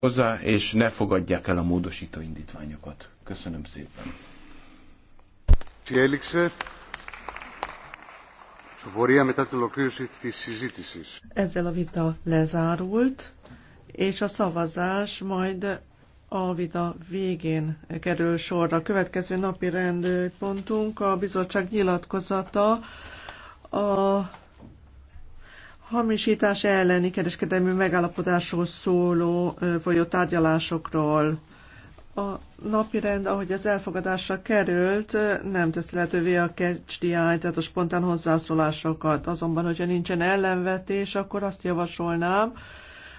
hozzá, és ne fogadják el a módosító indítványokat. Köszönöm szépen. Ezzel a vita lezárult, és a szavazás majd a vita végén kerül sorra. Következő napi rendpontunk a bizottság nyilatkozata a hamisítás elleni kereskedelmi megállapodásról szóló folyó tárgyalásokról. A napirend, ahogy az elfogadásra került, nem teszi lehetővé a catch tehát a spontán hozzászólásokat. Azonban, hogyha nincsen ellenvetés, akkor azt javasolnám,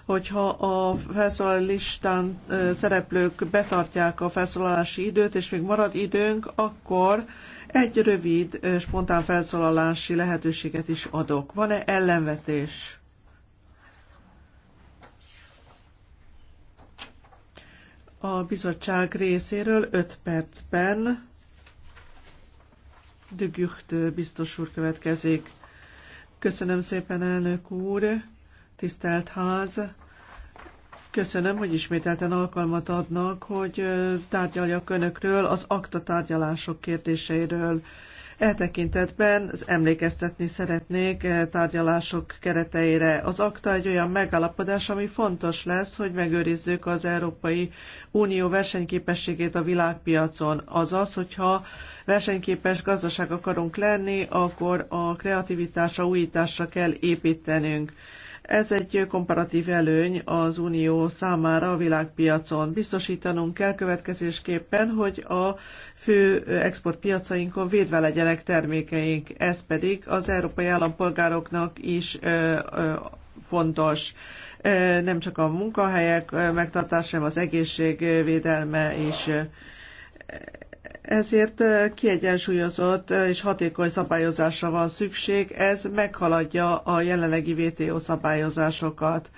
hogyha a felszólaló listán szereplők betartják a felszólalási időt, és még marad időnk, akkor egy rövid, spontán felszólalási lehetőséget is adok. Van-e ellenvetés? A bizottság részéről 5 percben Dügücht biztos úr következik. Köszönöm szépen, elnök úr, tisztelt ház! Köszönöm, hogy ismételten alkalmat adnak, hogy tárgyaljak önökről az akta tárgyalások kérdéseiről. E tekintetben emlékeztetni szeretnék e, tárgyalások kereteire. Az akta egy olyan megállapodás, ami fontos lesz, hogy megőrizzük az Európai Unió versenyképességét a világpiacon. Azaz, hogyha versenyképes gazdaság akarunk lenni, akkor a kreativitásra, újításra kell építenünk ez egy komparatív előny az Unió számára a világpiacon. Biztosítanunk kell következésképpen, hogy a fő exportpiacainkon védve legyenek termékeink. Ez pedig az európai állampolgároknak is fontos. Nem csak a munkahelyek megtartása, hanem az egészségvédelme is ezért kiegyensúlyozott és hatékony szabályozásra van szükség, ez meghaladja a jelenlegi VTO szabályozásokat.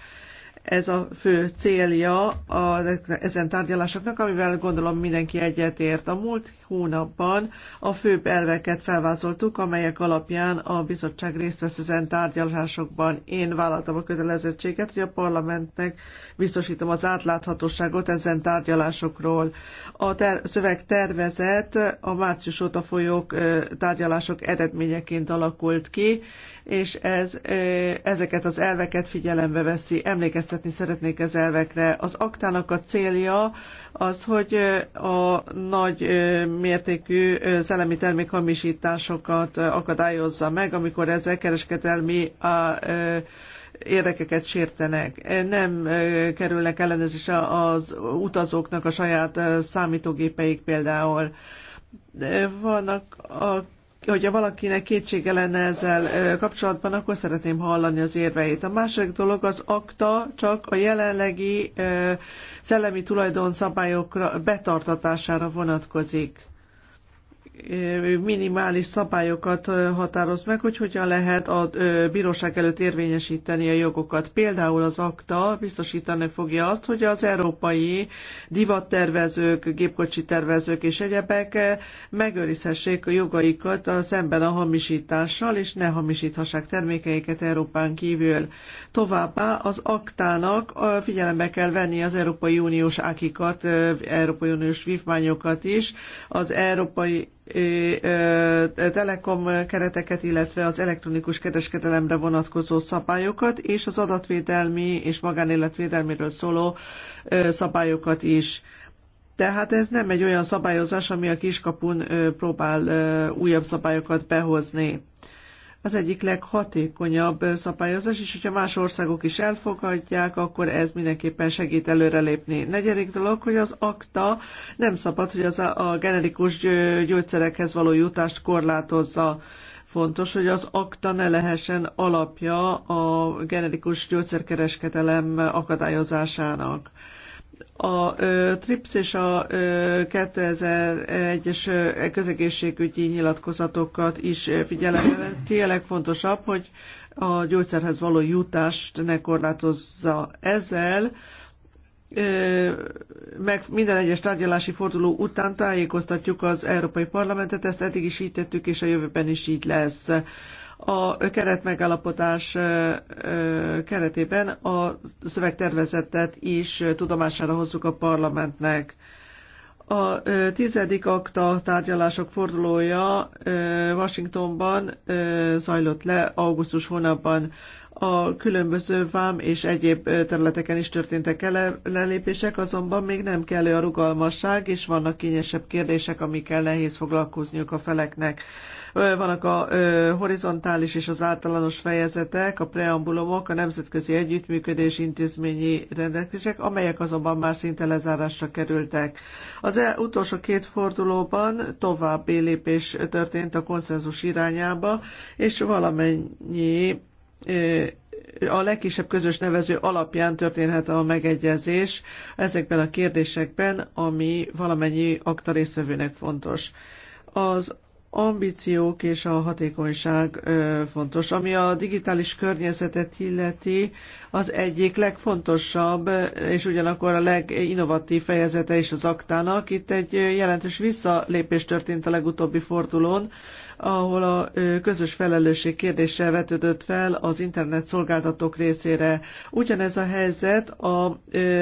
Ez a fő célja a, ezen tárgyalásoknak, amivel gondolom mindenki egyetért. A múlt hónapban a főbb elveket felvázoltuk, amelyek alapján a bizottság részt vesz ezen tárgyalásokban. Én vállaltam a kötelezettséget, hogy a parlamentnek biztosítom az átláthatóságot ezen tárgyalásokról. A ter- szöveg tervezet a március óta folyók tárgyalások eredményeként alakult ki, és ez, ezeket az elveket figyelembe veszi. Emlékeztetni szeretnék az elvekre. Az aktának a célja az, hogy a nagy mértékű szellemi termékhamisításokat akadályozza meg, amikor ezek kereskedelmi a, érdekeket sértenek. Nem kerülnek ellenőrzésre az utazóknak a saját számítógépeik például. Vannak a hogyha valakinek kétsége lenne ezzel kapcsolatban, akkor szeretném hallani az érveit. A második dolog az akta csak a jelenlegi szellemi tulajdonszabályokra betartatására vonatkozik minimális szabályokat határoz meg, hogy hogyan lehet a bíróság előtt érvényesíteni a jogokat. Például az akta biztosítani fogja azt, hogy az európai divattervezők, gépkocsi tervezők és egyebek megőrizhessék a jogaikat a szemben a hamisítással, és ne hamisíthassák termékeiket Európán kívül. Továbbá az aktának figyelembe kell venni az Európai Uniós ákikat, Európai Uniós vívmányokat is, az Európai telekom kereteket, illetve az elektronikus kereskedelemre vonatkozó szabályokat, és az adatvédelmi és magánéletvédelméről szóló szabályokat is. Tehát ez nem egy olyan szabályozás, ami a kiskapun próbál újabb szabályokat behozni az egyik leghatékonyabb szabályozás, és hogyha más országok is elfogadják, akkor ez mindenképpen segít előrelépni. Negyedik dolog, hogy az akta nem szabad, hogy az a generikus gyógyszerekhez való jutást korlátozza fontos, hogy az akta ne lehessen alapja a generikus gyógyszerkereskedelem akadályozásának a TRIPS és a 2001-es közegészségügyi nyilatkozatokat is figyelembe veti. A legfontosabb, hogy a gyógyszerhez való jutást ne korlátozza ezzel, meg minden egyes tárgyalási forduló után tájékoztatjuk az Európai Parlamentet, ezt eddig is így tettük, és a jövőben is így lesz a keretmegállapodás keretében a szövegtervezetet is tudomására hozzuk a parlamentnek. A tizedik akta tárgyalások fordulója Washingtonban zajlott le augusztus hónapban. A különböző vám és egyéb területeken is történtek lelépések, azonban még nem kellő a rugalmasság, és vannak kényesebb kérdések, amikkel nehéz foglalkozniuk a feleknek. Vannak a horizontális és az általános fejezetek, a preambulumok, a nemzetközi együttműködés intézményi rendelkezések, amelyek azonban már szinte lezárásra kerültek. Az e-, utolsó két fordulóban további lépés történt a konszenzus irányába, és valamennyi a legkisebb közös nevező alapján történhet a megegyezés ezekben a kérdésekben, ami valamennyi akta résztvevőnek fontos. Az ambíciók és a hatékonyság fontos. Ami a digitális környezetet illeti, az egyik legfontosabb, és ugyanakkor a leginnovatív fejezete is az aktának. Itt egy jelentős visszalépés történt a legutóbbi fordulón, ahol a közös felelősség kérdése vetődött fel az internet szolgáltatók részére. Ugyanez a helyzet a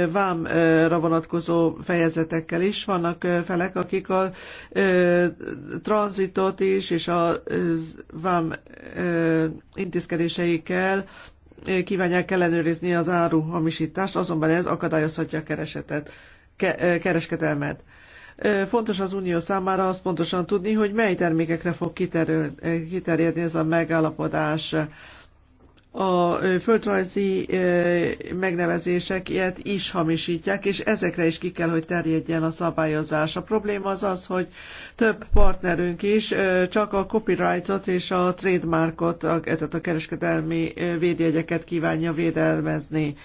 vámra vonatkozó fejezetekkel is. Vannak felek, akik a tranzitot is és a vám intézkedéseikkel kívánják ellenőrizni az áru hamisítást, azonban ez akadályozhatja a keresetet, ke- kereskedelmet. Fontos az Unió számára azt pontosan tudni, hogy mely termékekre fog kiterül, kiterjedni ez a megállapodás a földrajzi megnevezések ilyet is hamisítják, és ezekre is ki kell, hogy terjedjen a szabályozás. A probléma az az, hogy több partnerünk is csak a copyrightot és a trademarkot, tehát a kereskedelmi védjegyeket kívánja védelmezni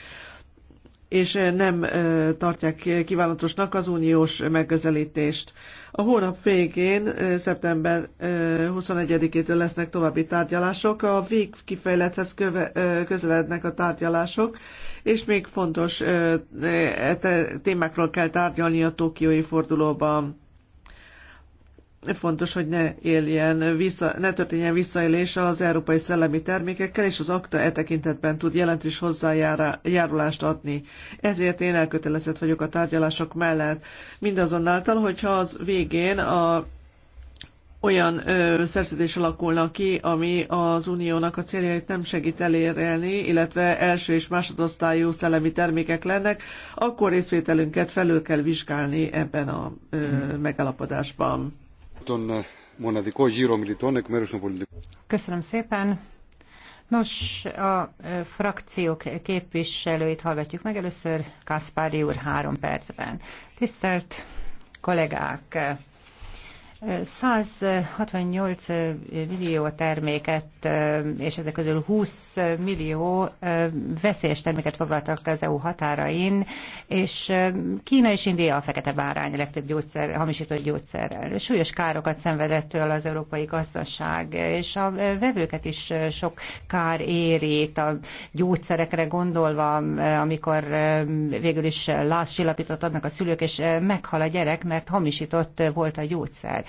és eh, nem eh, tartják kívánatosnak az uniós megközelítést. A hónap végén, eh, szeptember 21-től lesznek további tárgyalások, a végkifejlethez közelednek a tárgyalások, és még fontos e témákról kell tárgyalni a tokiói fordulóban fontos, hogy ne éljen vissza, ne történjen visszaélése az európai szellemi termékekkel, és az akta e tekintetben tud jelentős hozzájárulást adni. Ezért én elkötelezett vagyok a tárgyalások mellett. Mindazonáltal, hogyha az végén a olyan ö, szerződés alakulnak ki, ami az uniónak a céljait nem segít elérni, illetve első és másodosztályú szellemi termékek lennek, akkor részvételünket felül kell vizsgálni ebben a ö, mm. megállapodásban. Köszönöm szépen. Nos, a frakciók képviselőit hallgatjuk meg. Először Kaspári úr három percben. Tisztelt kollégák! 168 millió terméket, és ezek közül 20 millió veszélyes terméket foglaltak az EU határain, és Kína és India a fekete bárány a legtöbb gyógyszer, hamisított gyógyszerrel. Súlyos károkat szenvedett től az európai gazdaság, és a vevőket is sok kár érít, a gyógyszerekre gondolva, amikor végül is lázcsillapított adnak a szülők, és meghal a gyerek, mert hamisított volt a gyógyszer.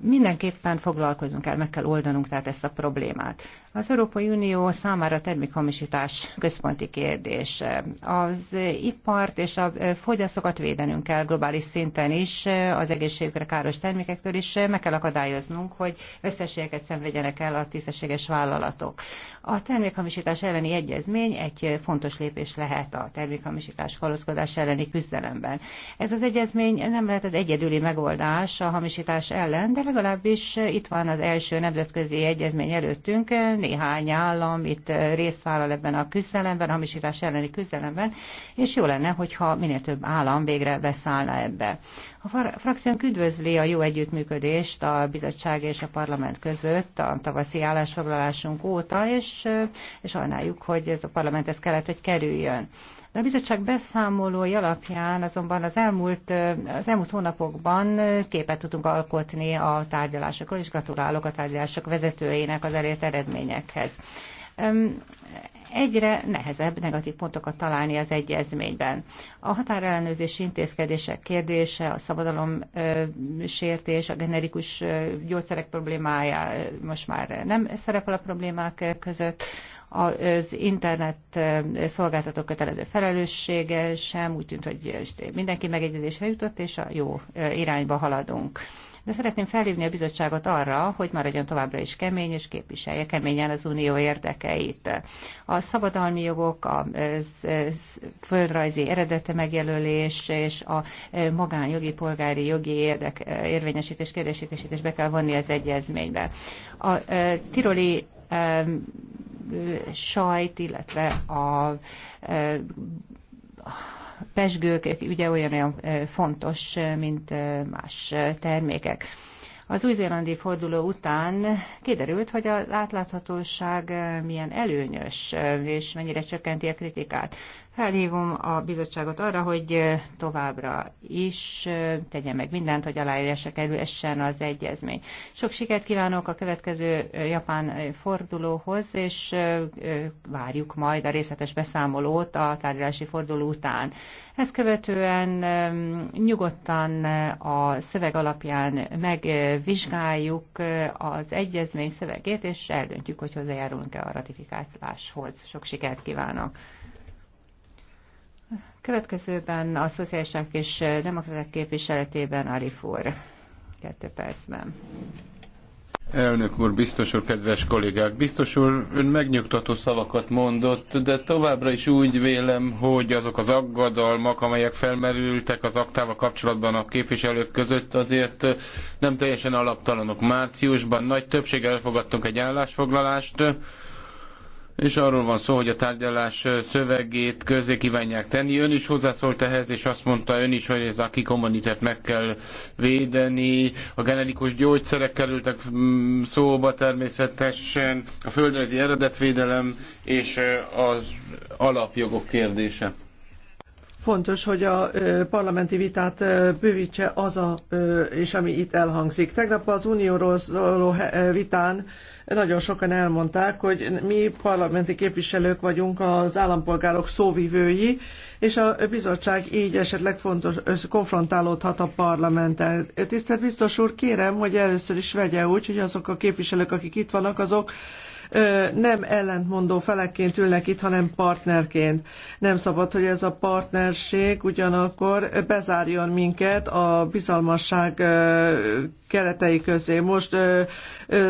Mindenképpen foglalkozunk el, meg kell oldanunk tehát ezt a problémát. Az Európai Unió számára termékhamisítás központi kérdés. Az ipart és a fogyasztókat védenünk kell globális szinten is, az egészségükre káros termékektől is meg kell akadályoznunk, hogy összességeket szenvedjenek el a tisztességes vállalatok. A termékhamisítás elleni egyezmény egy fontos lépés lehet a termékhamisítás kalózkodás elleni küzdelemben. Ez az egyezmény nem lehet az egyedüli megoldás a hamisítás ellen, de legalábbis itt van az első nemzetközi egyezmény előttünk, néhány állam itt eh, részt vállal ebben a küzdelemben, a hamisítás elleni küzdelemben, és jó lenne, hogyha minél több állam végre beszállna ebbe. A frakciónk üdvözli a jó együttműködést a bizottság és a parlament között a tavaszi állásfoglalásunk óta, és, eh, és sajnáljuk, hogy ez a parlament ez kellett, hogy kerüljön. De a bizottság beszámolói alapján azonban az elmúlt, az elmúlt hónapokban képet tudunk alkotni a tárgyalásokról, és gratulálok a tárgyalások vezetőjének az elért eredményekhez egyre nehezebb negatív pontokat találni az egyezményben. A határellenőrzési intézkedések kérdése, a szabadalom ö, sértés, a generikus ö, gyógyszerek problémája most már nem szerepel a problémák között az internet szolgáltató kötelező felelőssége sem, úgy tűnt, hogy mindenki megegyezésre jutott, és a jó irányba haladunk. De szeretném felhívni a bizottságot arra, hogy maradjon továbbra is kemény, és képviselje keményen az unió érdekeit. A szabadalmi jogok, a földrajzi eredete megjelölés és a magánjogi, polgári jogi érdek érvényesítés, kérdésítését is be kell vonni az egyezménybe. A tiroli sajt, illetve a pesgők ugye olyan-olyan fontos, mint más termékek. Az új-zélandi forduló után kiderült, hogy az átláthatóság milyen előnyös, és mennyire csökkenti a kritikát. Felhívom a bizottságot arra, hogy továbbra is tegye meg mindent, hogy aláírásra kerülessen az egyezmény. Sok sikert kívánok a következő japán fordulóhoz, és várjuk majd a részletes beszámolót a tárgyalási forduló után. Ezt követően nyugodtan a szöveg alapján megvizsgáljuk az egyezmény szövegét, és eldöntjük, hogy hozzájárulunk-e a ratifikáláshoz. Sok sikert kívánok! Következőben a szociálisták és demokraták képviseletében Ali úr. Kettő percben. Elnök úr, biztos úr, kedves kollégák, biztos úr, ön megnyugtató szavakat mondott, de továbbra is úgy vélem, hogy azok az aggodalmak, amelyek felmerültek az aktával kapcsolatban a képviselők között, azért nem teljesen alaptalanok. Márciusban nagy többséggel elfogadtunk egy állásfoglalást, és arról van szó, hogy a tárgyalás szövegét közé kívánják tenni. Ön is hozzászólt ehhez, és azt mondta ön is, hogy az aki kommunitet meg kell védeni. A generikus gyógyszerek kerültek szóba természetesen, a földrajzi eredetvédelem és az alapjogok kérdése fontos, hogy a parlamenti vitát bővítse az a, és ami itt elhangzik. Tegnap az unióról szóló vitán nagyon sokan elmondták, hogy mi parlamenti képviselők vagyunk az állampolgárok szóvivői, és a bizottság így esetleg fontos, konfrontálódhat a parlamenttel. Tisztelt biztos úr, kérem, hogy először is vegye úgy, hogy azok a képviselők, akik itt vannak, azok nem ellentmondó felekként ülnek itt, hanem partnerként. Nem szabad, hogy ez a partnerség ugyanakkor bezárjon minket a bizalmasság keretei közé. Most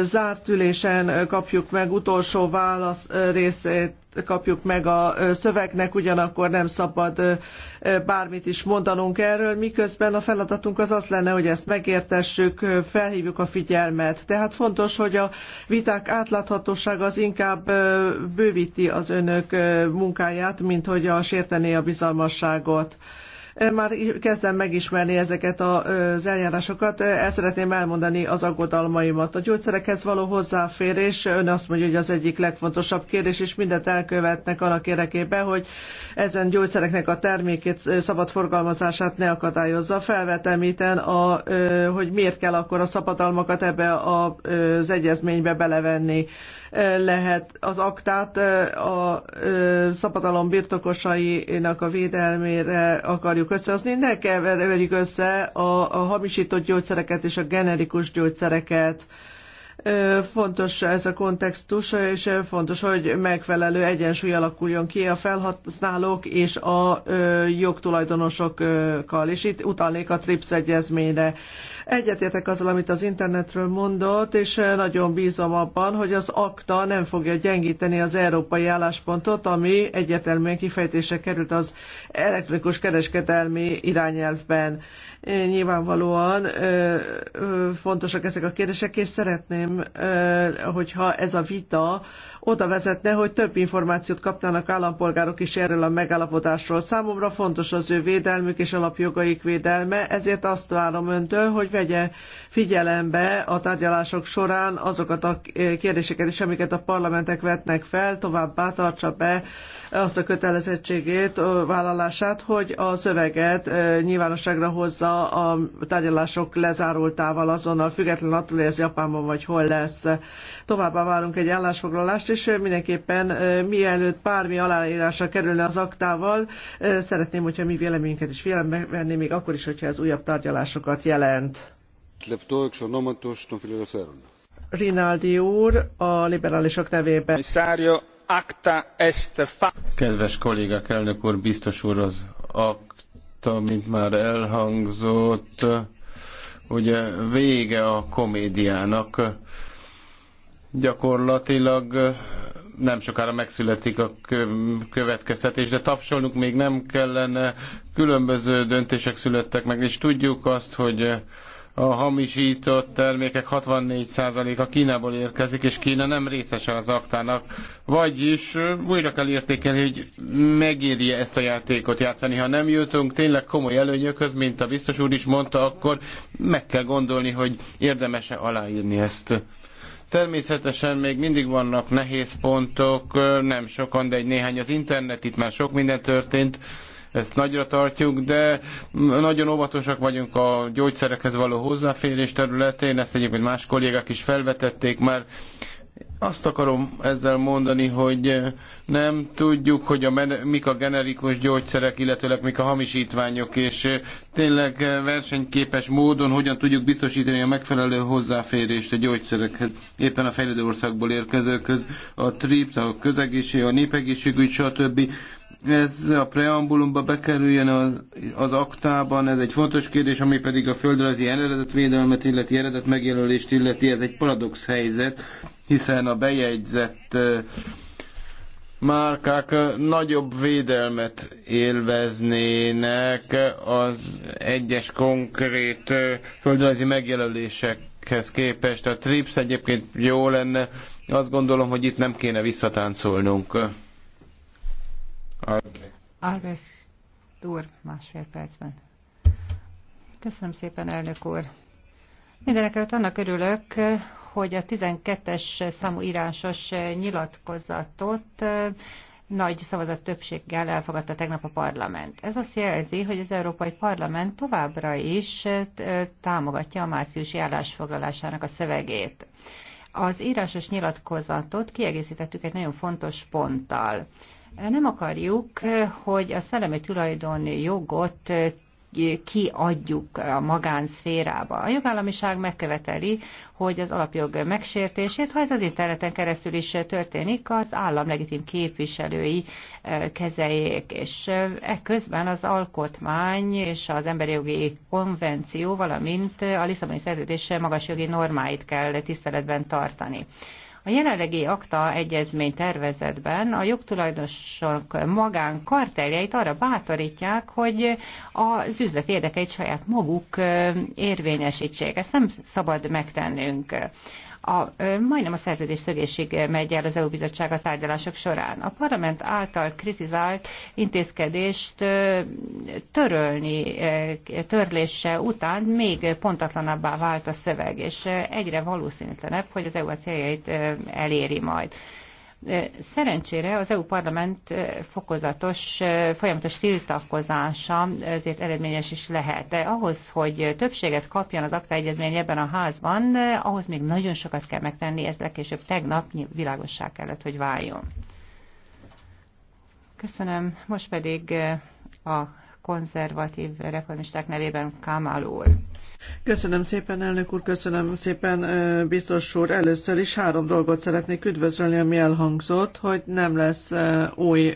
zárt ülésen kapjuk meg utolsó válasz részét kapjuk meg a szövegnek, ugyanakkor nem szabad bármit is mondanunk erről, miközben a feladatunk az az lenne, hogy ezt megértessük, felhívjuk a figyelmet. Tehát fontos, hogy a viták átláthatósága az inkább bővíti az önök munkáját, mint hogy a sértené a bizalmasságot. Már kezdem megismerni ezeket az eljárásokat. El szeretném elmondani az aggodalmaimat. A gyógyszerekhez való hozzáférés, ön azt mondja, hogy az egyik legfontosabb kérdés, és mindent elkövetnek annak érdekében, hogy ezen gyógyszereknek a termékét, szabad forgalmazását ne akadályozza. Felvetem itten, a, hogy miért kell akkor a szabadalmakat ebbe az egyezménybe belevenni. Lehet az aktát a szabadalom birtokosainak a védelmére akarjuk akarjuk összehozni, ne keverjük össze a, a hamisított gyógyszereket és a generikus gyógyszereket fontos ez a kontextus, és fontos, hogy megfelelő egyensúly alakuljon ki a felhasználók és a jogtulajdonosokkal. És itt utalnék a TRIPS egyezményre. Egyetértek azzal, amit az internetről mondott, és eh, nagyon bízom abban, hogy az akta nem fogja gyengíteni az európai álláspontot, ami egyértelműen kifejtése került az elektronikus kereskedelmi irányelvben. Nyilvánvalóan eh, eh, fontosak ezek a kérdések, és szeretném, hogyha ez a vita oda vezetne, hogy több információt kapnának állampolgárok is erről a megállapodásról. Számomra fontos az ő védelmük és alapjogaik védelme, ezért azt várom öntől, hogy vegye figyelembe a tárgyalások során azokat a kérdéseket is, amiket a parlamentek vetnek fel, továbbá tartsa be azt a kötelezettségét, vállalását, hogy a szöveget nyilvánosságra hozza a tárgyalások lezárultával azonnal, független attól, hogy ez Japánban vagy hol lesz. Továbbá várunk egy állásfoglalást, és mindenképpen mielőtt bármi aláírásra kerülne az aktával, szeretném, hogyha mi véleményünket is figyelembe venni, még akkor is, hogyha ez újabb tárgyalásokat jelent. Rinaldi úr a liberálisok nevében acta est Kedves kollégák, elnök úr, biztos úr, az akta, mint már elhangzott, ugye vége a komédiának. Gyakorlatilag nem sokára megszületik a következtetés, de tapsolnunk még nem kellene. Különböző döntések születtek meg, és tudjuk azt, hogy a hamisított termékek 64%-a Kínából érkezik, és Kína nem részese az aktának. Vagyis újra kell értékelni, hogy megéri ezt a játékot játszani. Ha nem jutunk tényleg komoly előnyökhöz, mint a biztos úr is mondta, akkor meg kell gondolni, hogy érdemese aláírni ezt. Természetesen még mindig vannak nehéz pontok, nem sokan, de egy néhány az internet, itt már sok minden történt ezt nagyra tartjuk, de nagyon óvatosak vagyunk a gyógyszerekhez való hozzáférés területén, ezt egyébként más kollégák is felvetették már. Azt akarom ezzel mondani, hogy nem tudjuk, hogy a mik a generikus gyógyszerek, illetőleg mik a hamisítványok, és tényleg versenyképes módon hogyan tudjuk biztosítani a megfelelő hozzáférést a gyógyszerekhez. Éppen a fejlődő országból érkezőköz, a TRIPS, a közegészség, a népegészségügy, stb ez a preambulumba bekerüljön az, az aktában, ez egy fontos kérdés, ami pedig a földrajzi eredetvédelmet illeti, eredet megjelölést illeti, ez egy paradox helyzet, hiszen a bejegyzett márkák nagyobb védelmet élveznének az egyes konkrét földrajzi megjelölésekhez képest. A TRIPS egyébként jó lenne, azt gondolom, hogy itt nem kéne visszatáncolnunk. Albrecht úr, másfél percben. Köszönöm szépen, elnök úr. Mindenek előtt annak örülök, hogy a 12-es számú írásos nyilatkozatot nagy szavazat többséggel elfogadta tegnap a parlament. Ez azt jelzi, hogy az Európai Parlament továbbra is támogatja a márciusi állásfoglalásának a szövegét. Az írásos nyilatkozatot kiegészítettük egy nagyon fontos ponttal. Nem akarjuk, hogy a szellemi tulajdon jogot eh, kiadjuk a magánszférába. A jogállamiság megköveteli, hogy az alapjog megsértését, ha ez az interneten keresztül is történik, az állam legitim képviselői eh, kezeljék, és eh, ekközben az alkotmány és az emberi jogi konvenció, valamint a Lisszaboni szerződés magas jogi normáit kell tiszteletben tartani. A jelenlegi akta egyezmény tervezetben a jogtulajdonosok magán karteljeit arra bátorítják, hogy az üzlet érdekeit saját maguk érvényesítsék. Ezt nem szabad megtennünk a, majdnem a szerződés szögésig megy el az EU bizottság a tárgyalások során. A parlament által kritizált intézkedést törölni, törlése után még pontatlanabbá vált a szöveg, és egyre valószínűtlenebb, hogy az EU a céljait eléri majd. Szerencsére az EU parlament fokozatos, folyamatos tiltakozása ezért eredményes is lehet. De ahhoz, hogy többséget kapjon az akta egyezmény ebben a házban, ahhoz még nagyon sokat kell megtenni, ez legkésőbb tegnap világossá kellett, hogy váljon. Köszönöm. Most pedig a konzervatív reformisták nevében Kamal úr. Köszönöm szépen, elnök úr, köszönöm szépen, biztos úr. Először is három dolgot szeretnék üdvözölni, ami elhangzott, hogy nem lesz új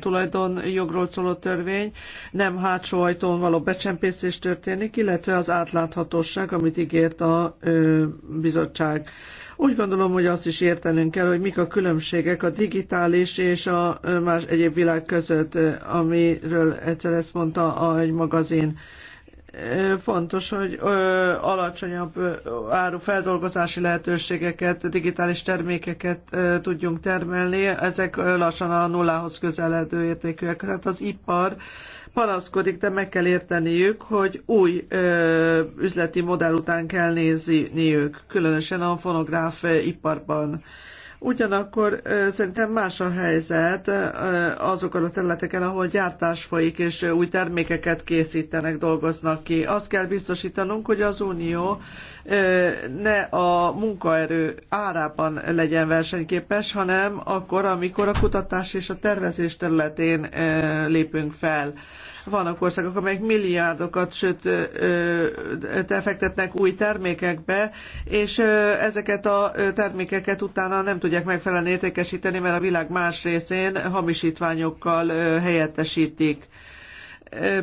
tulajdonjogról szóló törvény, nem hátsó ajtón való becsempészés történik, illetve az átláthatóság, amit ígért a bizottság. Úgy gondolom, hogy azt is értenünk kell, hogy mik a különbségek a digitális és a más egyéb világ között, amiről egyszer ezt mondta egy magazin fontos, hogy alacsonyabb áru feldolgozási lehetőségeket, digitális termékeket tudjunk termelni. Ezek lassan a nullához közeledő értékűek. Tehát az ipar panaszkodik, de meg kell érteniük, hogy új üzleti modell után kell nézniük, különösen a fonográf iparban. Ugyanakkor szerintem más a helyzet azokon a területeken, ahol gyártás folyik, és új termékeket készítenek, dolgoznak ki. Azt kell biztosítanunk, hogy az Unió ne a munkaerő árában legyen versenyképes, hanem akkor, amikor a kutatás és a tervezés területén lépünk fel. Vannak országok, amelyek milliárdokat, sőt, befektetnek új termékekbe, és ezeket a termékeket utána nem tudják megfelelően értékesíteni, mert a világ más részén hamisítványokkal helyettesítik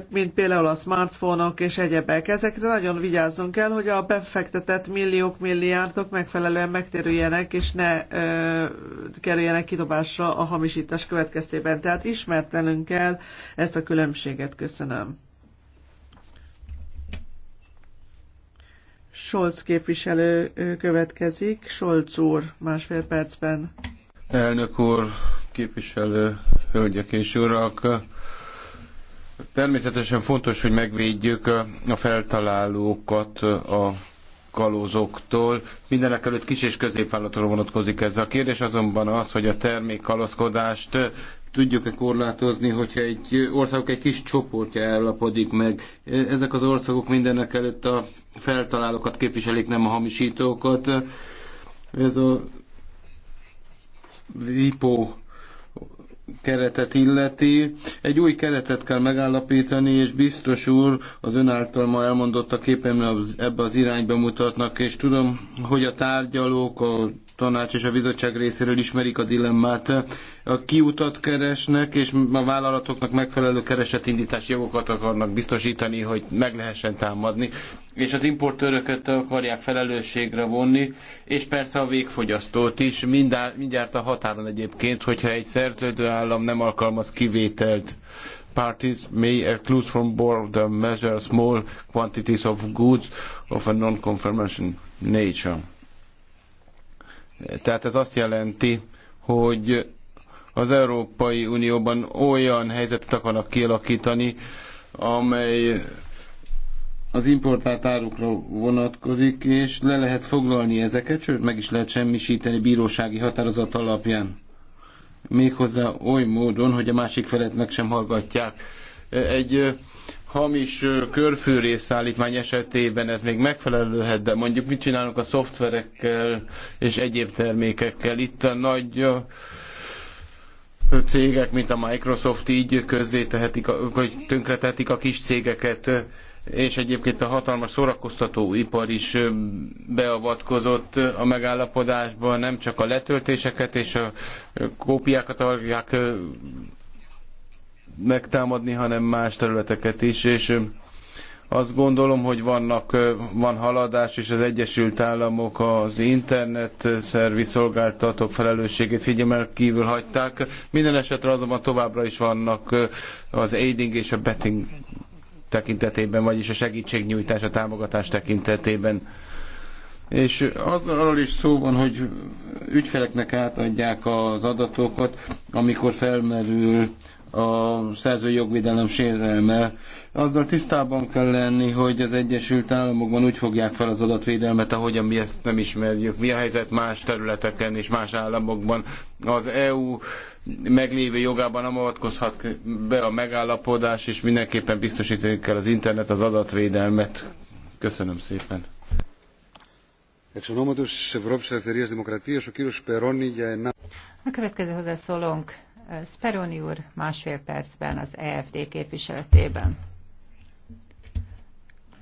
mint például a smartphonok és egyebek. Ezekre nagyon vigyázzunk kell, hogy a befektetett milliók, milliárdok megfelelően megtérüljenek, és ne ö, kerüljenek kidobásra a hamisítás következtében. Tehát ismertenünk kell ezt a különbséget. Köszönöm. Scholz képviselő következik. Scholz úr, másfél percben. Elnök úr, képviselő, hölgyek és urak! Természetesen fontos, hogy megvédjük a feltalálókat a kalózoktól. Mindenek előtt kis és középvállalatokra vonatkozik ez a kérdés, azonban az, hogy a termék kalózkodást tudjuk-e korlátozni, hogyha egy országok egy kis csoportja ellapodik meg. Ezek az országok mindenek előtt a feltalálókat képviselik, nem a hamisítókat. Ez a VIPO keretet illeti. Egy új keretet kell megállapítani, és biztos úr az ön által ma elmondottak éppen ebbe az irányba mutatnak, és tudom, hogy a tárgyalók, a tanács és a bizottság részéről ismerik a dilemmát. A kiutat keresnek, és a vállalatoknak megfelelő keresetindítási jogokat akarnak biztosítani, hogy meg lehessen támadni. És az importőröket akarják felelősségre vonni, és persze a végfogyasztót is, mindjárt a határon egyébként, hogyha egy szerződő állam nem alkalmaz kivételt parties may exclude from border measures small quantities of goods of a non-confirmation nature tehát ez azt jelenti, hogy az Európai Unióban olyan helyzetet akarnak kialakítani, amely az importált árukra vonatkozik, és le lehet foglalni ezeket, sőt meg is lehet semmisíteni bírósági határozat alapján. Méghozzá oly módon, hogy a másik felet meg sem hallgatják. Egy hamis körfűrészállítmány esetében ez még megfelelőhet, de mondjuk mit csinálunk a szoftverekkel és egyéb termékekkel. Itt a nagy cégek, mint a Microsoft így közzé tehetik, vagy tönkretetik a kis cégeket, és egyébként a hatalmas ipar is beavatkozott a megállapodásba, nem csak a letöltéseket és a kópiákat akarják megtámadni, hanem más területeket is, és azt gondolom, hogy vannak, van haladás, és az Egyesült Államok az internet szolgáltatók felelősségét figyelmel kívül hagyták. Minden esetre azonban továbbra is vannak az aiding és a betting tekintetében, vagyis a segítségnyújtás, a támogatás tekintetében. És arról is szó van, hogy ügyfeleknek átadják az adatokat, amikor felmerül a szerzői jogvédelem sérelme. Azzal tisztában kell lenni, hogy az Egyesült Államokban úgy fogják fel az adatvédelmet, ahogyan mi ezt nem ismerjük. Mi a helyzet más területeken és más államokban? Az EU meglévő jogában nem avatkozhat be a megállapodás, és mindenképpen biztosítani kell az internet az adatvédelmet. Köszönöm szépen. A következő hozzászólónk Speroni úr másfél percben az EFD képviseletében.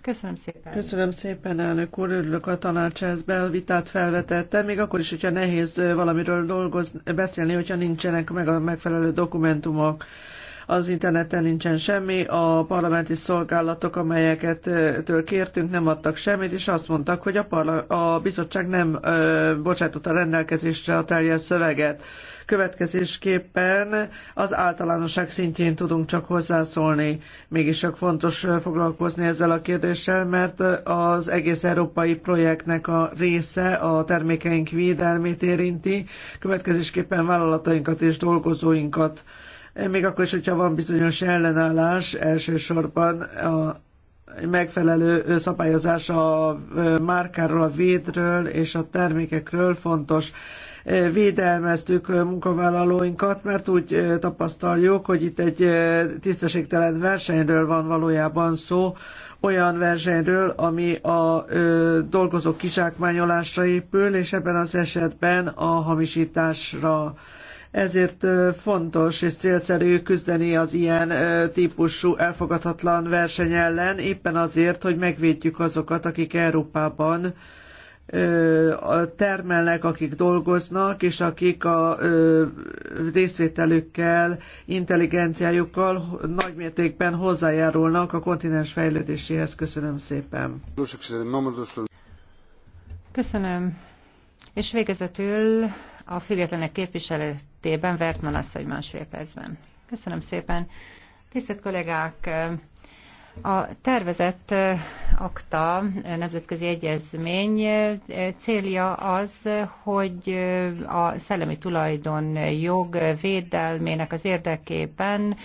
Köszönöm szépen. Köszönöm szépen, elnök úr. Örülök a tanács ezt belvitát felvetette, még akkor is, hogyha nehéz valamiről dolgoz, beszélni, hogyha nincsenek meg a megfelelő dokumentumok az interneten nincsen semmi, a parlamenti szolgálatok, amelyeket től kértünk, nem adtak semmit, és azt mondtak, hogy a, parla- a bizottság nem ö, a rendelkezésre a teljes szöveget következésképpen az általánosság szintjén tudunk csak hozzászólni. Mégis csak fontos foglalkozni ezzel a kérdéssel, mert az egész európai projektnek a része a termékeink védelmét érinti, következésképpen vállalatainkat és dolgozóinkat. Még akkor is, hogyha van bizonyos ellenállás, elsősorban a megfelelő szabályozás a márkáról, a védről és a termékekről fontos védelmeztük munkavállalóinkat, mert úgy tapasztaljuk, hogy itt egy tisztességtelen versenyről van valójában szó, olyan versenyről, ami a ö, dolgozók kizsákmányolásra épül, és ebben az esetben a hamisításra. Ezért fontos és célszerű küzdeni az ilyen típusú elfogadhatlan verseny ellen, éppen azért, hogy megvédjük azokat, akik Európában termelnek, akik dolgoznak, és akik a részvételükkel, intelligenciájukkal nagymértékben hozzájárulnak a kontinens fejlődéséhez. Köszönöm szépen. Köszönöm. És végezetül a függetlenek képviseletében Vertman asszony másfél percben. Köszönöm szépen. Tisztelt kollégák, a tervezett akta nemzetközi egyezmény célja az, hogy a szellemi tulajdon jog védelmének az érdekében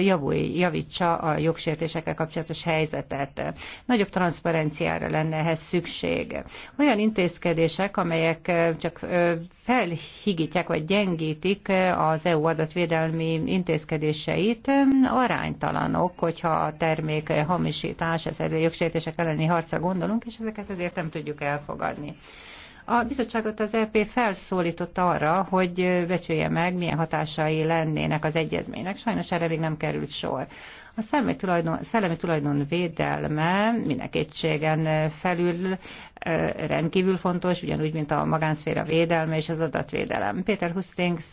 javulj, javítsa a jogsértésekkel kapcsolatos helyzetet. Nagyobb transzparenciára lenne ehhez szükség. Olyan intézkedések, amelyek csak felhigítják vagy gyengítik az EU adatvédelmi intézkedéseit, aránytalanok, hogyha a termék hamisítás, ez jogsértések elleni harcra gondolunk, és ezeket ezért nem tudjuk elfogadni. A bizottságot az EP felszólította arra, hogy becsülje meg, milyen hatásai lennének az egyezménynek. Sajnos erre még nem került sor. A szellemi tulajdon, szellemi tulajdon védelme minden kétségen felül rendkívül fontos, ugyanúgy, mint a magánszféra védelme és az adatvédelem. Péter Hustings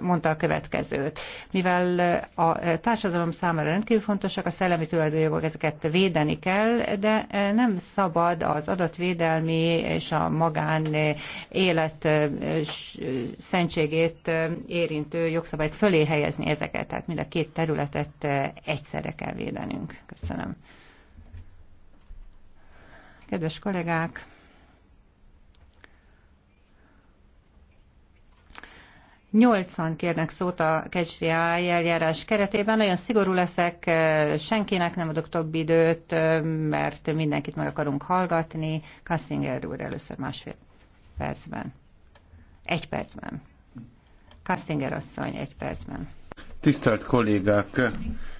mondta a következőt. Mivel a társadalom számára rendkívül fontosak a szellemi tulajdonjogok, ezeket védeni kell, de nem szabad az adatvédelmi és a magán élet szentségét érintő jogszabályt fölé helyezni ezeket. Tehát mind a két területet egyszerre kell védenünk. Köszönöm. Kedves kollégák! Nyolcan kérnek szót a KCDI eljárás keretében. Nagyon szigorú leszek, senkinek nem adok több időt, mert mindenkit meg akarunk hallgatni. Kastinger úr először másfél percben. Egy percben. Kastinger asszony, egy percben. Tisztelt kollégák!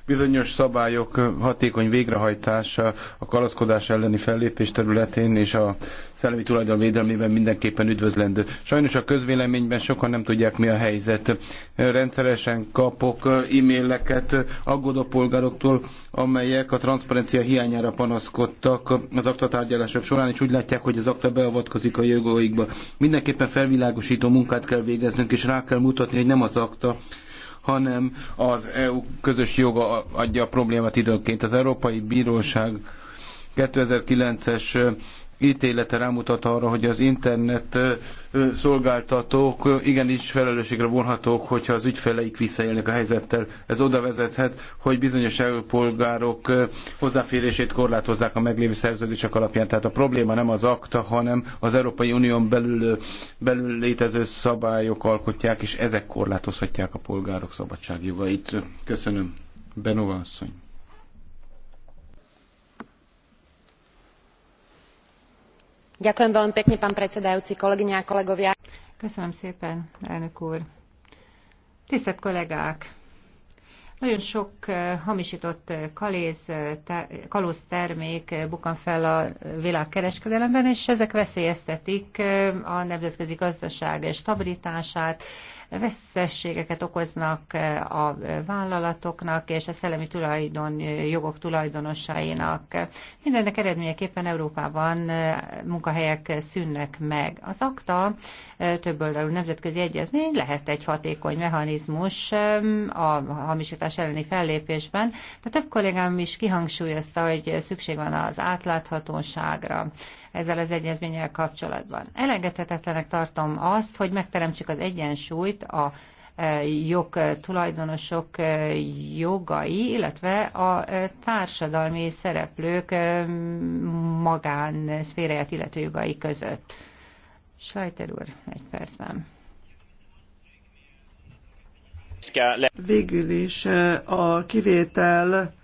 Bizonyos szabályok hatékony végrehajtása a kalaszkodás elleni fellépés területén és a szellemi tulajdon védelmében mindenképpen üdvözlendő. Sajnos a közvéleményben sokan nem tudják, mi a helyzet. Rendszeresen kapok e-maileket aggódó polgároktól, amelyek a transzparencia hiányára panaszkodtak az aktatárgyalások során, és úgy látják, hogy az akta beavatkozik a jogaikba. Mindenképpen felvilágosító munkát kell végeznünk, és rá kell mutatni, hogy nem az akta, hanem az EU közös joga adja a problémát időnként. Az Európai Bíróság 2009-es ítélete rámutat arra, hogy az internet szolgáltatók igenis felelősségre vonhatók, hogyha az ügyfeleik visszaélnek a helyzettel. Ez oda vezethet, hogy bizonyos polgárok hozzáférését korlátozzák a meglévő szerződések alapján. Tehát a probléma nem az akta, hanem az Európai Unión belül, belül létező szabályok alkotják, és ezek korlátozhatják a polgárok szabadságjogait. Köszönöm. Benova asszony. Köszönöm szépen, Tisztelt kollégák! Nagyon sok eh, hamisított eh, eh, kalóztermék bukkan termék bukan fel a világkereskedelemben, és ezek veszélyeztetik a nemzetközi gazdaság stabilitását, veszességeket okoznak eh, a vállalatoknak és a szellemi tulajdon, eh, jogok tulajdonosainak. Mindennek eredményeképpen Európában eh, munkahelyek szűnnek meg. Az akta több oldalú nemzetközi egyezmény lehet egy hatékony mechanizmus a hamisítás elleni fellépésben, de több kollégám is kihangsúlyozta, hogy szükség van az átláthatóságra ezzel az egyezménnyel kapcsolatban. Elengedhetetlenek tartom azt, hogy megteremtsük az egyensúlyt a e, jogtulajdonosok e, jogai, illetve a e, társadalmi szereplők magán szféráját illető jogai között. Sajter úr, egy percben. Végül is a kivétel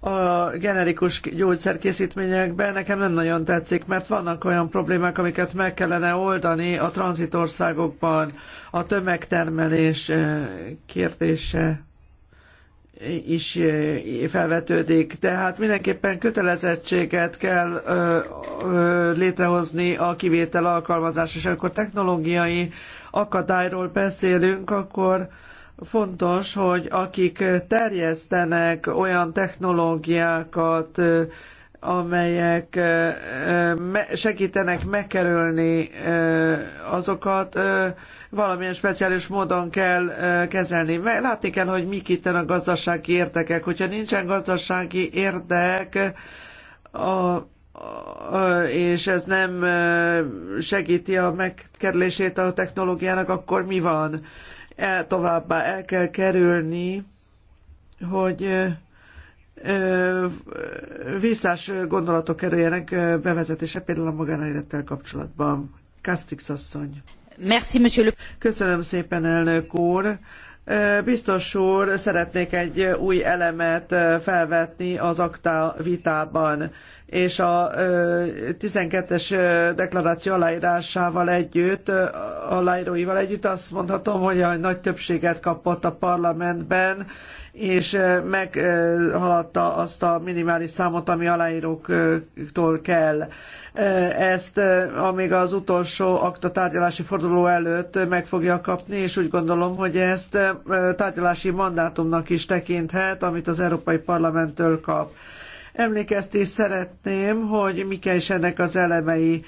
a generikus gyógyszerkészítményekben nekem nem nagyon tetszik, mert vannak olyan problémák, amiket meg kellene oldani a tranzitországokban, a tömegtermelés eh, kérdése is eh, felvetődik. Tehát mindenképpen kötelezettséget kell ö, eh, ö, létrehozni a kivétel alkalmazás, és amikor technológiai akadályról beszélünk, akkor fontos, hogy akik terjesztenek olyan technológiákat, amelyek segítenek megkerülni azokat, valamilyen speciális módon kell kezelni. Látni kell, hogy mik itt a gazdasági érdekek. Hogyha nincsen gazdasági érdek, a és ez nem segíti a megkerülését a technológiának, akkor mi van? el, továbbá el kell kerülni, hogy visszás gondolatok kerüljenek bevezetése például a magánélettel kapcsolatban. Kastix asszony. Merci, monsieur le... Köszönöm szépen, elnök úr. Biztos úr, szeretnék egy új elemet felvetni az akta vitában és a 12-es deklaráció aláírásával együtt, aláíróival együtt azt mondhatom, hogy a nagy többséget kapott a parlamentben, és meghaladta azt a minimális számot, ami aláíróktól kell. Ezt amíg az utolsó akta tárgyalási forduló előtt meg fogja kapni, és úgy gondolom, hogy ezt tárgyalási mandátumnak is tekinthet, amit az Európai Parlamenttől kap Emlékezti szeretném, hogy mik is ennek az elemei.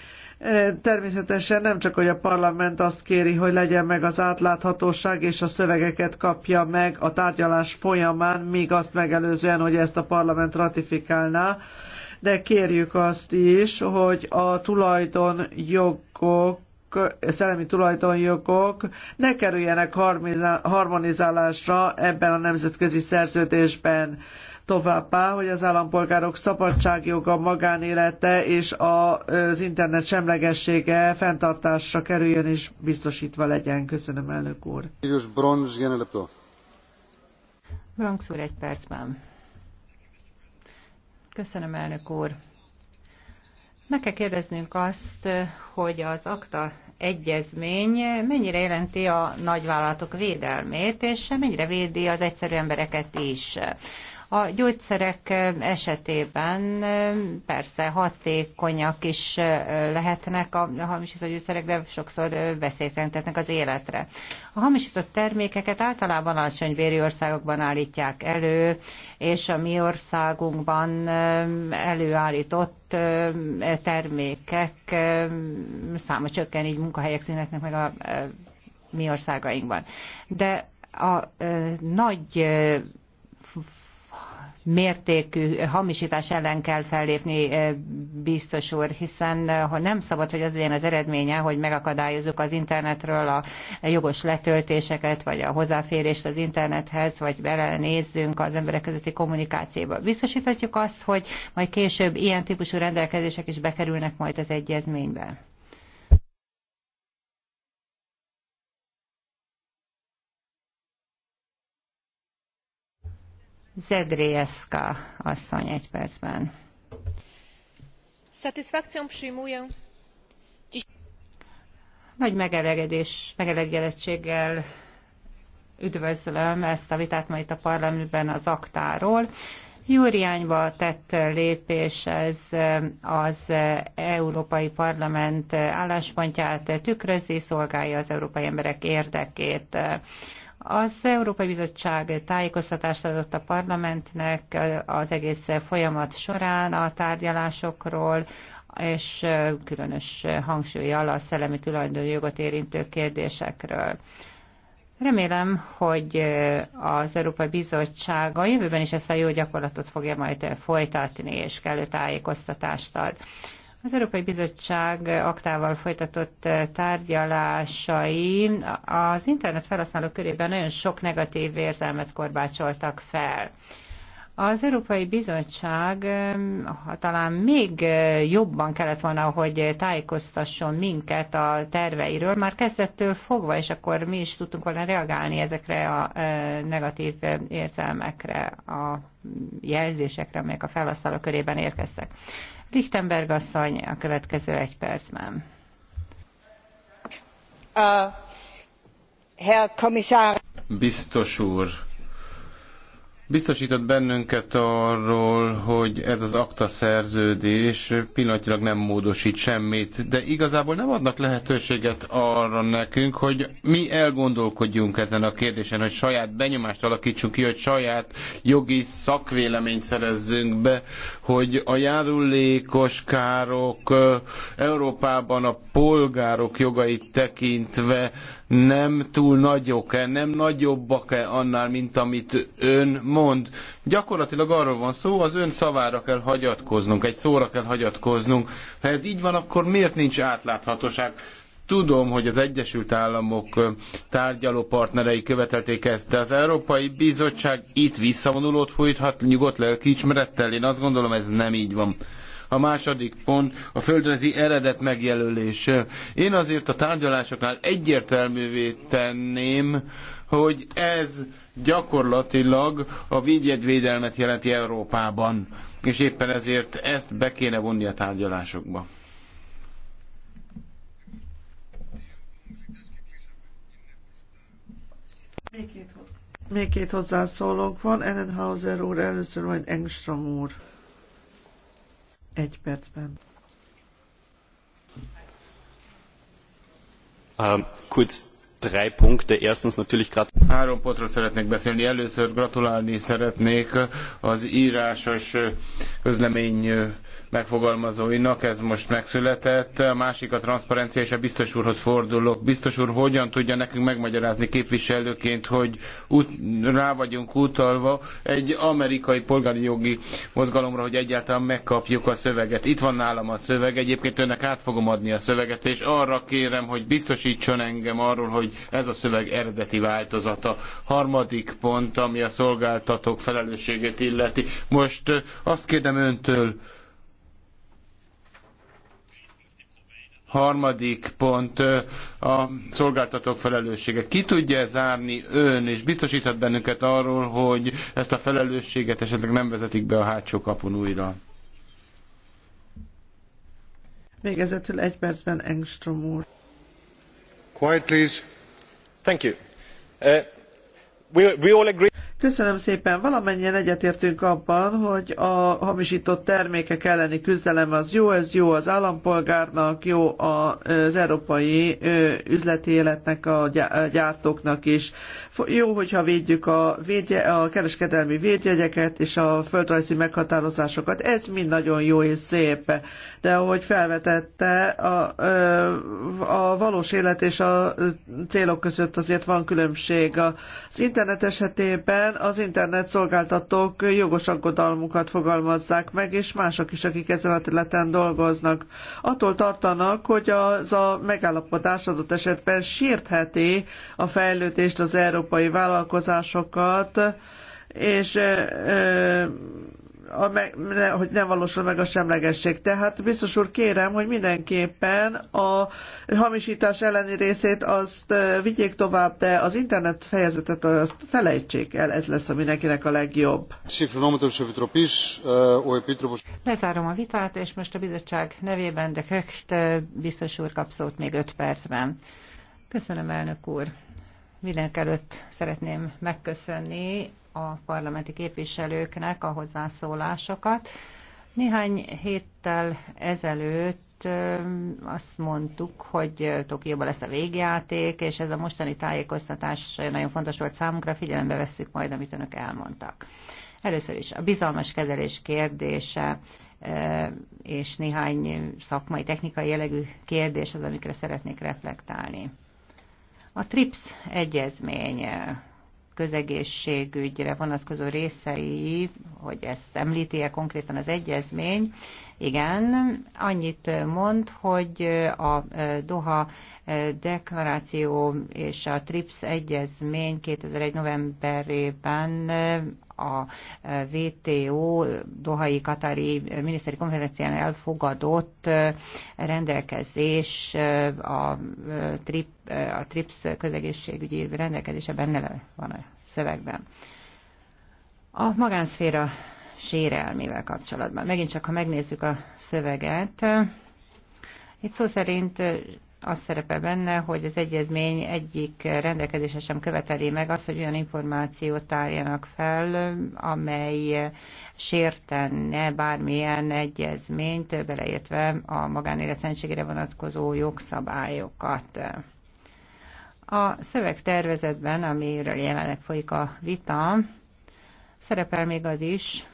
Természetesen nem csak, hogy a parlament azt kéri, hogy legyen meg az átláthatóság, és a szövegeket kapja meg a tárgyalás folyamán, még azt megelőzően, hogy ezt a parlament ratifikálná, de kérjük azt is, hogy a tulajdonjogok szellemi tulajdonjogok ne kerüljenek harmonizálásra ebben a nemzetközi szerződésben továbbá, hogy az állampolgárok szabadságjoga, magánélete és az internet semlegessége fenntartásra kerüljön és biztosítva legyen. Köszönöm, elnök úr. Bronx úr, egy percben. Köszönöm, elnök úr. Meg kell kérdeznünk azt, hogy az akta egyezmény mennyire jelenti a nagyvállalatok védelmét, és mennyire védi az egyszerű embereket is. A gyógyszerek esetében eh, persze hatékonyak is eh, lehetnek a hamisított gyógyszerek, de sokszor eh, veszélytelentetnek az életre. A hamisított termékeket általában véri országokban állítják elő, és a mi országunkban előállított termékek száma csökken, így munkahelyek szünetnek meg a mi országainkban. De a nagy mértékű hamisítás ellen kell fellépni, eh, biztos úr, hiszen eh, ha nem szabad, hogy az legyen az eredménye, hogy megakadályozzuk az internetről a jogos letöltéseket, vagy a hozzáférést az internethez, vagy belenézzünk az emberek közötti kommunikációba. Biztosíthatjuk azt, hogy majd később ilyen típusú rendelkezések is bekerülnek majd az egyezménybe. Zedrieska asszony egy percben. przyjmuję nagy megelégedés, megelegedettséggel üdvözlöm ezt a vitát ma itt a parlamentben az aktáról. Júriányba tett lépés ez az Európai Parlament álláspontját tükrözi, szolgálja az európai emberek érdekét. Az Európai Bizottság tájékoztatást adott a parlamentnek az egész folyamat során a tárgyalásokról, és különös hangsúlyjal a szellemi tulajdonjogot érintő kérdésekről. Remélem, hogy az Európai Bizottság a jövőben is ezt a jó gyakorlatot fogja majd folytatni, és kellő tájékoztatást ad. Az Európai Bizottság aktával folytatott eh, tárgyalásai az internet felhasználók körében nagyon sok negatív érzelmet korbácsoltak fel. Az Európai Bizottság talán még eh, jobban kellett volna, hogy tájékoztasson minket a terveiről, már kezdettől fogva, és akkor mi is tudtunk volna reagálni ezekre a eh, negatív érzelmekre, a jelzésekre, amelyek a felhasználók körében érkeztek. Lichtenberg asszony a következő egy percben. Uh, Herr Kommissar. Biztos úr, biztosított bennünket arról, hogy ez az akta szerződés pillanatilag nem módosít semmit, de igazából nem adnak lehetőséget arra nekünk, hogy mi elgondolkodjunk ezen a kérdésen, hogy saját benyomást alakítsunk ki, hogy saját jogi szakvéleményt szerezzünk be, hogy a járulékos károk Európában a polgárok jogait tekintve nem túl nagyok-e, nem nagyobbak-e annál, mint amit ön mond. Gyakorlatilag arról van szó, az ön szavára kell hagyatkoznunk, egy szóra kell hagyatkoznunk. Ha ez így van, akkor miért nincs átláthatóság? Tudom, hogy az Egyesült Államok tárgyaló partnerei követelték ezt, de az Európai Bizottság itt visszavonulót folythat nyugodt lelkiismerettel. Én azt gondolom, ez nem így van. A második pont a földrajzi eredet megjelölés. Én azért a tárgyalásoknál egyértelművé tenném, hogy ez gyakorlatilag a védjegyvédelmet jelenti Európában, és éppen ezért ezt be kéne vonni a tárgyalásokba. Még két, még két hozzászólónk van, Ellenhauser úr, először majd Engström úr egy percben. Um, could drei Punkte. Erstens natürlich Három pontról szeretnék beszélni. Először gratulálni szeretnék az írásos közlemény megfogalmazóinak. Ez most megszületett. A másik a transzparencia és a biztos úrhoz fordulok. Biztos úr, hogyan tudja nekünk megmagyarázni képviselőként, hogy út, rá vagyunk utalva egy amerikai polgári jogi mozgalomra, hogy egyáltalán megkapjuk a szöveget. Itt van nálam a szöveg. Egyébként önnek át fogom adni a szöveget, és arra kérem, hogy biztosítson engem arról, hogy hogy ez a szöveg eredeti változata. Harmadik pont, ami a szolgáltatók felelősségét illeti. Most azt kérdem öntől, harmadik pont a szolgáltatók felelőssége. Ki tudja -e zárni ön, és biztosíthat bennünket arról, hogy ezt a felelősséget esetleg nem vezetik be a hátsó kapun újra? Végezetül egy percben Engström úr. Quiet, please. Uh, we all agree on the need for a strong european union. Köszönöm szépen. Valamennyien egyetértünk abban, hogy a hamisított termékek elleni küzdelem az jó, ez jó az állampolgárnak, jó az európai üzleti életnek, a gyártóknak is. Jó, hogyha védjük a, védje, a kereskedelmi védjegyeket és a földrajzi meghatározásokat. Ez mind nagyon jó és szép. De ahogy felvetette, a, a valós élet és a célok között azért van különbség. Az internet esetében ellen az internet szolgáltatók jogos aggodalmukat fogalmazzák meg, és mások is, akik ezen a területen dolgoznak. Attól tartanak, hogy az a megállapodás adott esetben sértheti a fejlődést, az európai vállalkozásokat, és a me, ne, hogy nem valósul meg a semlegesség. Tehát biztos úr, kérem, hogy mindenképpen a hamisítás elleni részét azt vigyék tovább, de az internet fejezetet azt felejtsék el, ez lesz a mindenkinek a legjobb. Lezárom a vitát, és most a bizottság nevében, de Köcht biztos úr kap szót még öt percben. Köszönöm, elnök úr. Mindenek előtt szeretném megköszönni a parlamenti képviselőknek a hozzászólásokat. Néhány héttel ezelőtt azt mondtuk, hogy Tokióban lesz a végjáték, és ez a mostani tájékoztatás nagyon fontos volt számunkra, figyelembe vesszük majd, amit önök elmondtak. Először is a bizalmas kezelés kérdése és néhány szakmai, technikai jellegű kérdés az, amikre szeretnék reflektálni. A TRIPS egyezmény közegészségügyre vonatkozó részei, hogy ezt említi-e konkrétan az egyezmény, igen, annyit mond, hogy a Doha deklaráció és a TRIPS egyezmény 2001. novemberében a WTO Dohai Katari miniszteri konferencián elfogadott rendelkezés a, trip, a TRIPS közegészségügyi rendelkezése benne van a szövegben. A magánszféra sérelmével kapcsolatban. Megint csak, ha megnézzük a szöveget, itt szó szerint az szerepel benne, hogy az egyezmény egyik rendelkezése sem követeli meg azt, hogy olyan információt álljanak fel, amely sértenne bármilyen egyezményt, beleértve a magánélet szentségére vonatkozó jogszabályokat. A szövegtervezetben, amiről jelenleg folyik a vita, szerepel még az is,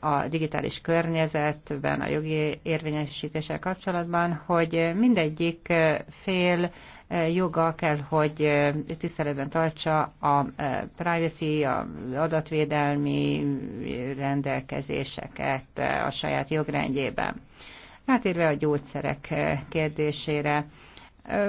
a digitális környezetben, a jogi érvényesítéssel kapcsolatban, hogy mindegyik fél joga kell, hogy tiszteletben tartsa a privacy, a adatvédelmi rendelkezéseket a saját jogrendjében. Átérve a gyógyszerek kérdésére,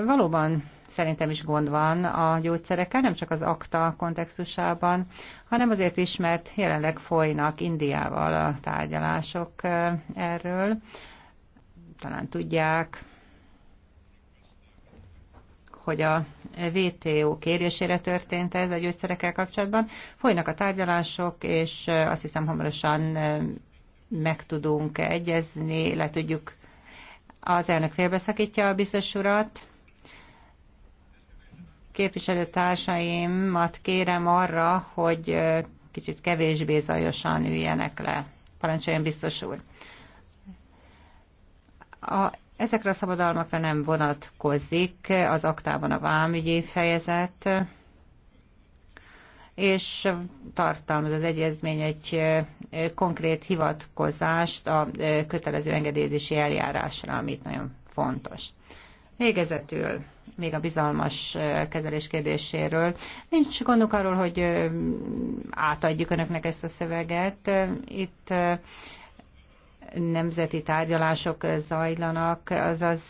Valóban szerintem is gond van a gyógyszerekkel, nem csak az akta kontextusában, hanem azért is, mert jelenleg folynak Indiával a tárgyalások erről. Talán tudják, hogy a WTO kérésére történt ez a gyógyszerekkel kapcsolatban. Folynak a tárgyalások, és azt hiszem hamarosan meg tudunk egyezni, le tudjuk az elnök félbeszakítja a biztos urat. Képviselőtársaimat kérem arra, hogy kicsit kevésbé zajosan üljenek le. Parancsoljon biztos úr. A, ezekre a szabadalmakra nem vonatkozik az aktában a vámügyi fejezet, és tartalmaz az egyezmény egy konkrét hivatkozást a kötelező engedélyezési eljárásra, amit nagyon fontos. Végezetül még a bizalmas kezelés kérdéséről. Nincs gondunk arról, hogy átadjuk önöknek ezt a szöveget. Itt nemzeti tárgyalások zajlanak, azaz,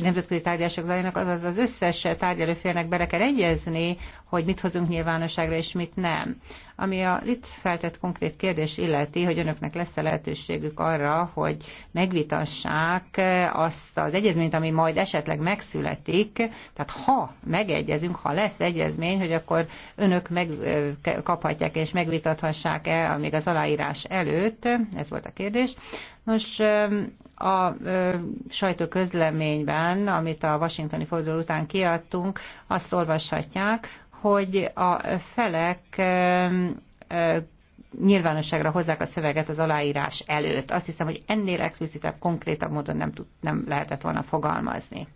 nemzetközi tárgyalások zajlanak, azaz az összes tárgyalófélnek bele kell egyezni, hogy mit hozunk nyilvánosságra és mit nem. Ami a itt feltett konkrét kérdés illeti, hogy önöknek lesz-e lehetőségük arra, hogy megvitassák azt az egyezményt, ami majd esetleg megszületik, tehát ha megegyezünk, ha lesz egyezmény, hogy akkor önök megkaphatják és megvitathassák-e még az aláírás előtt, ez volt a kérdés, Nos, a sajtóközleményben, amit a washingtoni forduló után kiadtunk, azt olvashatják, hogy a felek nyilvánosságra hozzák a szöveget az aláírás előtt. Azt hiszem, hogy ennél explicitebb, konkrétabb módon nem, tud, nem lehetett volna fogalmazni.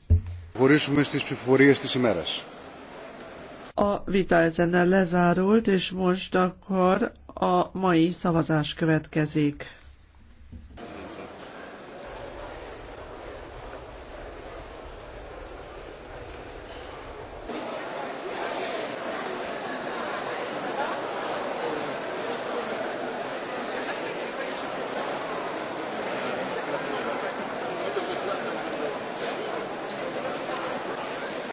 A vita ezennel lezárult, és most akkor a mai szavazás következik.